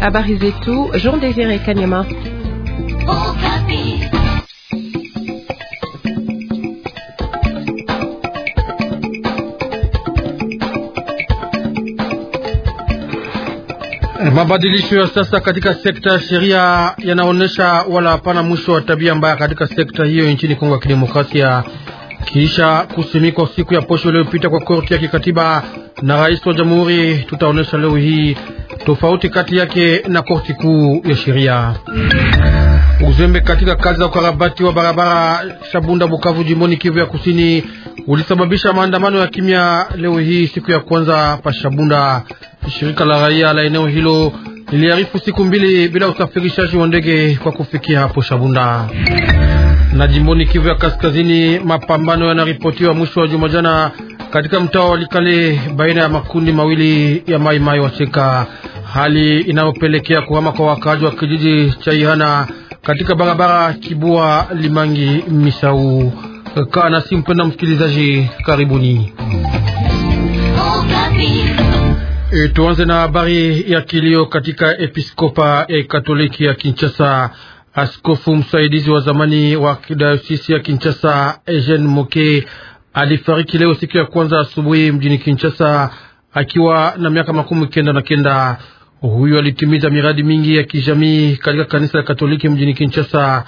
Habari zetu Jean Désiré Kanyama. Eh, mabadilisho ya sasa katika sekta ya sheria yanaonesha wala hapana mwisho wa tabia mbaya katika sekta hiyo nchini Kongo ya Kidemokrasia, kisha kusimikwa siku ya posho iliyopita kwa korti ya kikatiba na rais wa jamhuri, tutaonesha leo hii tofauti kati yake na korti kuu ya sheria. Uzembe katika kazi za ukarabati wa barabara Shabunda Bukavu, jimboni Kivu ya Kusini, ulisababisha maandamano ya kimya leo hii, siku ya kwanza pa Shabunda. Shirika la raia la eneo hilo liliarifu siku mbili bila usafirishaji wa ndege kwa kufikia hapo Shabunda. Na jimboni Kivu ya Kaskazini, mapambano yanaripotiwa mwisho wa juma jana katika mtaa wa Likale baina ya makundi mawili ya Mai Mai hali inayopelekea kuhama kwa wakaaji wa kijiji cha Ihana katika barabara Kibua Limangi Misau. Kaa nasi mpenda msikilizaji, karibuni. E, tuanze na habari ya kilio katika episkopa ya e Katoliki ya Kinshasa. Askofu msaidizi wa zamani wa kidayosisi ya Kinshasa Eugene Moke alifariki leo siku ya kwanza asubuhi mjini Kinshasa akiwa na miaka makumi kenda na kenda. Huyu alitimiza miradi mingi ya kijamii katika kanisa la Katoliki mjini Kinshasa.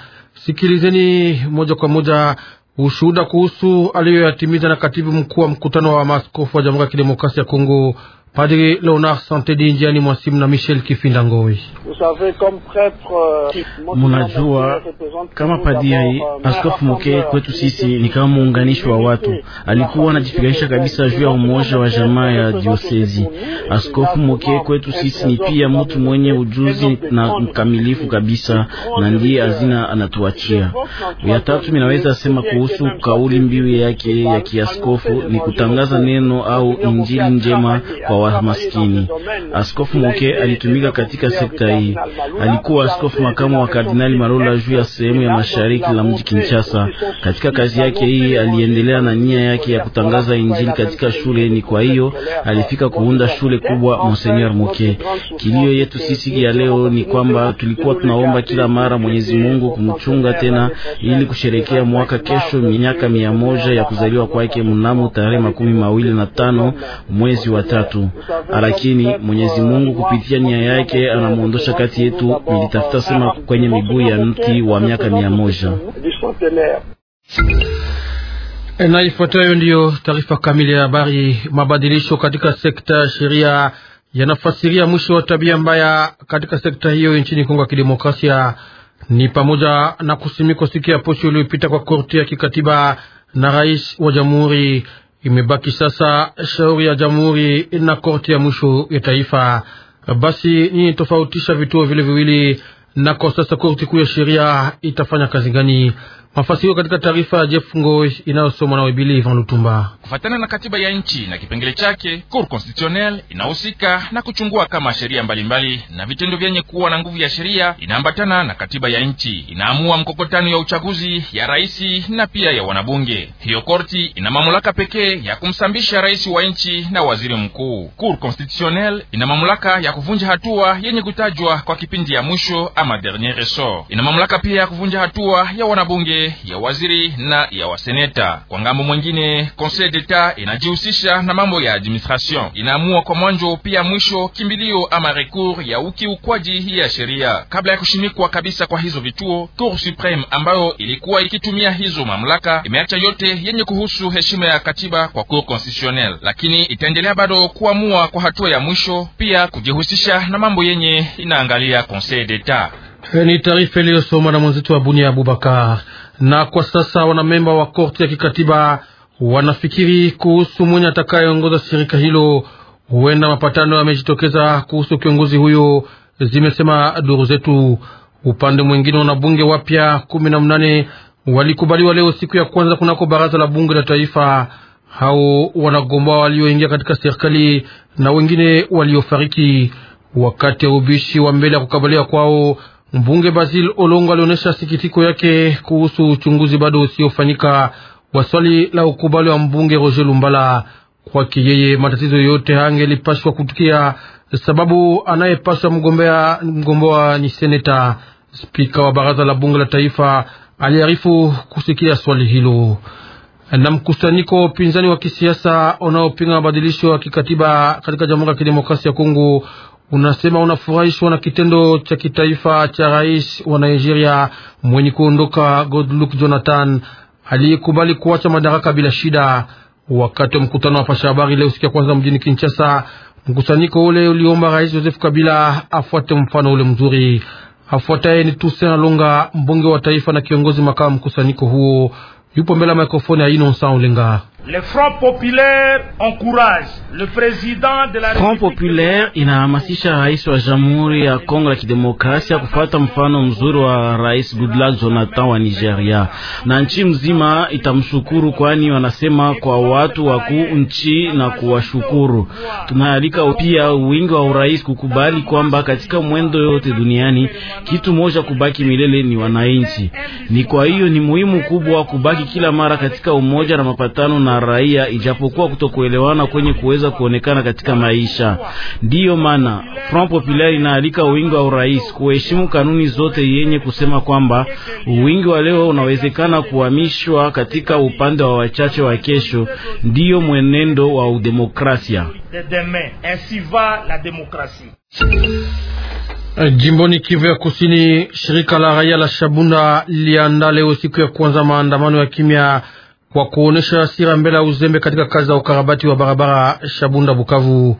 Sikilizeni moja kwa moja ushuhuda kuhusu aliyoyatimiza na katibu mkuu wa mkutano wa maaskofu wa Jamhuri ya Kidemokrasia ya Kongo Padre Leonard Santedi njiani mwasimu na Michel Kifinda Ngoi. Munajua euh, kama padiri euh, Askofu Moke kwetu sisi ni kama muunganisho wa watu, alikuwa anajipiganisha kabisa juu ya umoja wa jamaa ya diosezi. Askofu Moke kwetu sisi ni pia mtu mwenye ujuzi na mkamilifu kabisa, na ndiye azina anatuachia. Ya tatu, minaweza sema kuhusu kauli mbiu yake ya kiaskofu ni kutangaza neno au injili njema kwa wa wamaskini. Askofu Moke alitumika katika sekta hii, alikuwa askofu makamu wa Kardinali Marola juu ya sehemu ya mashariki la mji Kinshasa. Katika kazi yake hii aliendelea na nia yake ya kutangaza Injili katika shule, ni kwa hiyo alifika kuunda shule kubwa. Monseigneur Moke, kilio yetu sisi ya leo ni kwamba tulikuwa tunaomba kila mara Mwenyezi Mungu kumchunga tena, ili kusherekea mwaka kesho miaka mia moja ya kuzaliwa kwake mnamo tarehe makumi mawili na tano mwezi wa tatu lakini Mwenyezi Mungu kupitia nia yake anamwondosha kati yetu. Nilitafuta sema kwenye miguu ya mti wa miaka mia moja. E, na ifuatayo ndiyo taarifa kamili ya habari. Mabadilisho katika sekta ya sheria yanafasiria mwisho wa tabia mbaya katika sekta hiyo nchini Kongo ya Kidemokrasia, ni pamoja na kusimikwa siku ya posho iliyopita kwa korti ya kikatiba na rais wa jamhuri. Imebaki sasa shauri ya jamhuri na korti ya mwisho ya taifa. Basi nini tofautisha vituo vile viwili, na kwa sasa korti kuu ya sheria itafanya kazi gani? Mafasi hiyo katika taarifa ya Jeff Ngoi inayosomwa na Webili Ivan Lutumba. Kufatana na katiba ya nchi na kipengele chake, Cour Constitutionnel inahusika na kuchungua kama sheria mbalimbali na vitendo vyenye kuwa na nguvu ya sheria inaambatana na katiba ya nchi. Inaamua mkokotano ya uchaguzi ya raisi na pia ya wanabunge. Hiyo korti ina mamlaka pekee ya kumsambisha rais wa nchi na waziri mkuu. Cour Constitutionnel ina mamlaka ya kuvunja hatua yenye kutajwa kwa kipindi ya mwisho ama dernier ressort. Ina mamlaka pia ya kuvunja hatua ya wanabunge ya waziri na ya waseneta. Kwa ngambo mwengine, Conseil d'Etat inajihusisha na mambo ya administration, inaamua kwa mwanjo pia mwisho kimbilio ama recours ya ukiukwaji ya sheria kabla ya kushimikwa kabisa kwa hizo vituo. Cour Supreme ambayo ilikuwa ikitumia hizo mamlaka imeacha yote yenye kuhusu heshima ya katiba kwa Cour constitutionnel lakini itaendelea bado kuamua kwa hatua ya mwisho pia kujihusisha na mambo yenye inaangalia Conseil d'Etat. Eh, ni taarifa iliyosomwa na mwenzetu wa Bunia Abubakar na kwa sasa wanamemba wa korti ya kikatiba wanafikiri kuhusu mwenye atakayeongoza shirika hilo. Huenda mapatano yamejitokeza kuhusu kiongozi huyo, zimesema duru zetu. Upande mwingine, wanabunge wapya kumi na mnane walikubaliwa leo siku ya kwanza kunako baraza la bunge la taifa. Hao wanagomboa walioingia katika serikali na wengine waliofariki wakati ya ubishi wa mbele ya kukabaliwa kwao Mbunge Basil Olongo alionyesha sikitiko yake kuhusu uchunguzi bado usiofanyika wa swali la ukubali wa mbunge Roger Lumbala. Kwake yeye, matatizo yote hangelipashwa kutukia, sababu anayepashwa mgombea mgomboa ni seneta. Spika wa baraza la bunge la taifa aliarifu kusikia swali hilo. Na mkusanyiko wa upinzani wa kisiasa unaopinga mabadilisho ya kikatiba katika Jamhuri ya Kidemokrasia ya Kongo unasema unafurahishwa na kitendo cha kitaifa cha rais wa Nigeria mwenye kuondoka Goodluck Jonathan aliyekubali kuacha madaraka bila shida. Wakati wa mkutano wa pasha habari leo siku ya kwanza mjini Kinshasa, mkusanyiko ule uliomba rais Joseph Kabila afuate mfano ule mzuri. Afuataye ni Tusena Longa, mbunge wa taifa na kiongozi makamu mkusanyiko huo, yupo mbele ya mikrofoni ya Inosa Ulinga. Front Populaire inahamasisha rais wa Jamhuri ya Kongo ya Kidemokrasia kufuata mfano mzuri wa Rais Goodluck Jonathan wa Nigeria, na nchi mzima itamshukuru, kwani wanasema kwa watu wakuu nchi na kuwashukuru. Tunaalika pia wingi wa urais kukubali kwamba katika mwendo yote duniani kitu moja kubaki milele ni wananchi. Ni kwa hiyo ni muhimu kubwa kubaki kila mara katika umoja na mapatano na na raia, ijapokuwa kutokuelewana kwenye kuweza kuonekana katika maisha. Ndiyo maana Front Populaire inaalika wingi wa urais kuheshimu kanuni zote yenye kusema kwamba wingi wa leo unawezekana kuhamishwa katika upande wa wachache wa kesho. Ndiyo mwenendo wa udemokrasia. Jimboni Kivu ya Kusini, shirika la raia la Shabunda liliandaa leo siku ya kwanza maandamano ya kimya kwa kuonesha hasira mbele ya uzembe katika kazi za ukarabati wa barabara Shabunda Bukavu.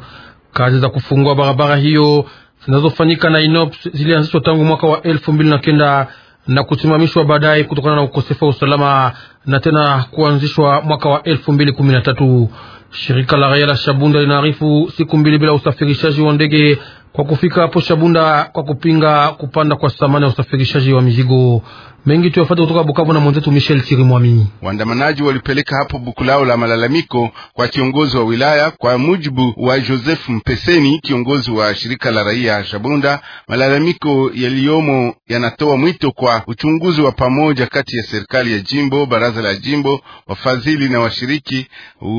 Kazi za kufungua barabara hiyo zinazofanyika na INOPS zilianzishwa tangu mwaka wa elfu mbili na kenda na kusimamishwa baadaye kutokana na ukosefu wa usalama na tena kuanzishwa mwaka wa elfu mbili kumi na tatu. Shirika la raia la Shabunda linaarifu siku mbili bila usafirishaji wa ndege kwa kufika hapo Shabunda kwa kupinga kupanda kwa thamani ya usafirishaji wa mizigo mengi. Tuyafuate kutoka Bukavu na mwenzetu Michel Chirimwami. Waandamanaji walipeleka hapo buku lao la malalamiko kwa kiongozi wa wilaya. Kwa mujibu wa Joseph Mpeseni, kiongozi wa shirika la raia Shabunda, malalamiko yaliyomo yanatoa mwito kwa uchunguzi wa pamoja kati ya serikali ya jimbo, baraza la jimbo, wafadhili na washiriki,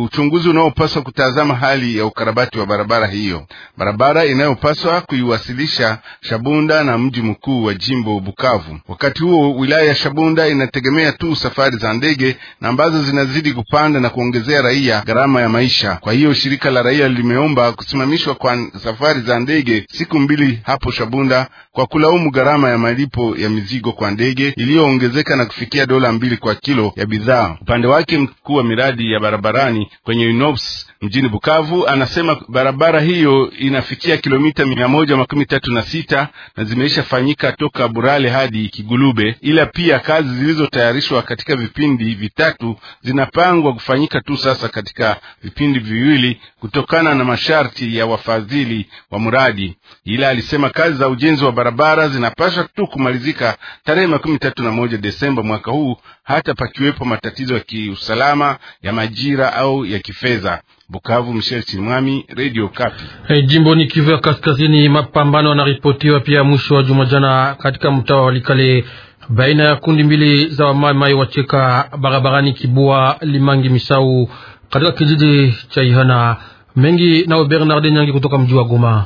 uchunguzi unaopaswa kutazama hali ya ukarabati wa barabara hiyo, barabara inayopaswa inapaswa kuiwasilisha Shabunda na mji mkuu wa jimbo Bukavu. Wakati huo wilaya ya Shabunda inategemea tu safari za ndege na ambazo zinazidi kupanda na kuongezea raia gharama ya maisha. Kwa hiyo shirika la raia limeomba kusimamishwa kwa safari za ndege siku mbili hapo Shabunda kwa kulaumu gharama ya malipo ya mizigo kwa ndege iliyoongezeka na kufikia dola mbili kwa kilo ya bidhaa. Upande wake mkuu wa miradi ya barabarani kwenye UNOPS mjini Bukavu anasema barabara hiyo inafikia kilomita mia moja makumi tatu na sita na zimeisha fanyika toka Burale hadi Kigulube, ila pia kazi zilizotayarishwa katika vipindi vitatu zinapangwa kufanyika tu sasa katika vipindi viwili kutokana na masharti ya wafadhili wa mradi. Ila alisema kazi za ujenzi wa barabara zinapaswa tu kumalizika tarehe makumi tatu na moja Desemba mwaka huu hata pakiwepo matatizo ya kiusalama ya majira au ya kifedha. Bukavu, Michel Chimwami, Radio Kapi. Hey, eh, jimboni Kivu ya Kaskazini, mapambano yanaripotiwa pia mwisho wa juma jana katika mtaa wa Walikale baina ya kundi mbili za wamaimai wacheka barabarani Kibua Limangi Misau katika kijiji cha Ihana mengi nao Bernard Nyangi kutoka mji wa Goma.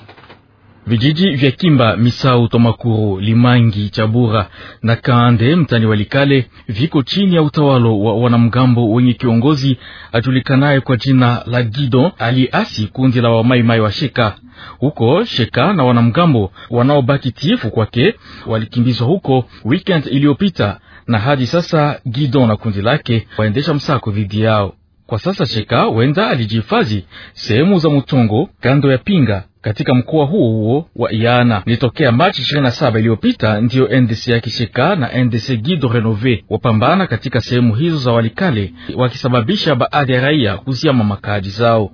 Vijiji vya Kimba, Misau, Tomakuru, Limangi, Chabura na Kaande mtani wa likale viko chini ya utawalo wa wanamgambo wenye kiongozi ajulikanaye kwa jina la Gido aliasi kundi la wamaimai wa Sheka. Huko Sheka na wanamgambo wanaobaki tiifu kwake walikimbizwa huko weekend iliyopita, na hadi sasa Gido na kundi lake waendesha msako dhidi yao. Kwa sasa Sheka wenda alijihifadhi sehemu za Mutongo kando ya Pinga katika mkoa huo huo wa Iana. Nitokea Machi 27 iliyopita ndiyo NDC ya Kisheka na NDC Guido Renove wapambana katika sehemu hizo za Walikale wakisababisha baadhi ya raia kuziama makaji zao.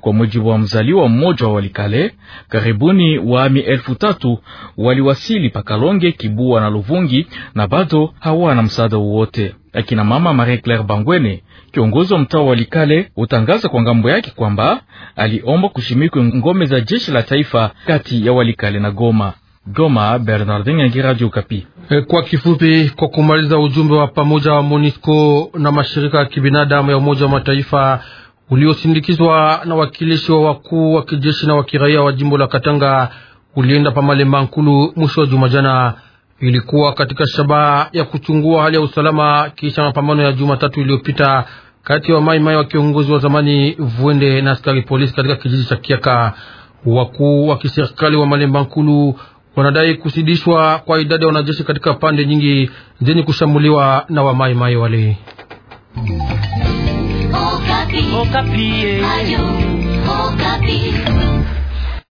Kwa mujibu wa mzaliwa mmoja wa Walikale, karibuni waami elfu tatu waliwasili Pakalonge, Kibua na Luvungi na bado hawana msaada wowote. Akina mama Marie Claire Bangwene, kiongozi wa mtaa wa Likale, hutangaza kwa ngambo yake kwamba aliomba kushimikwe ngome za jeshi la taifa kati ya Walikale na Goma. Goma, Bernardin Yangi, Radio e, Kwa kifupi, kwa kumaliza ujumbe wa pamoja wa MONUSCO na mashirika ya kibinadamu ya Umoja wa Mataifa uliosindikizwa na wakilishi wa wakuu wa kijeshi na wa kiraia wa jimbo la Katanga ulienda Pamalemba Nkulu mwisho wa juma jana. Ilikuwa katika shabaha ya kuchungua hali ya usalama kisha mapambano ya Jumatatu iliyopita kati ya wa Maimai wa kiongozi wa zamani Vuende na askari polisi katika kijiji cha Kiaka. Wakuu wa kiserikali wa Malemba Nkulu wanadai kusidishwa kwa idadi ya wanajeshi katika pande nyingi zenye kushambuliwa na Wamaimai wale. mm. Okapi. Okapi.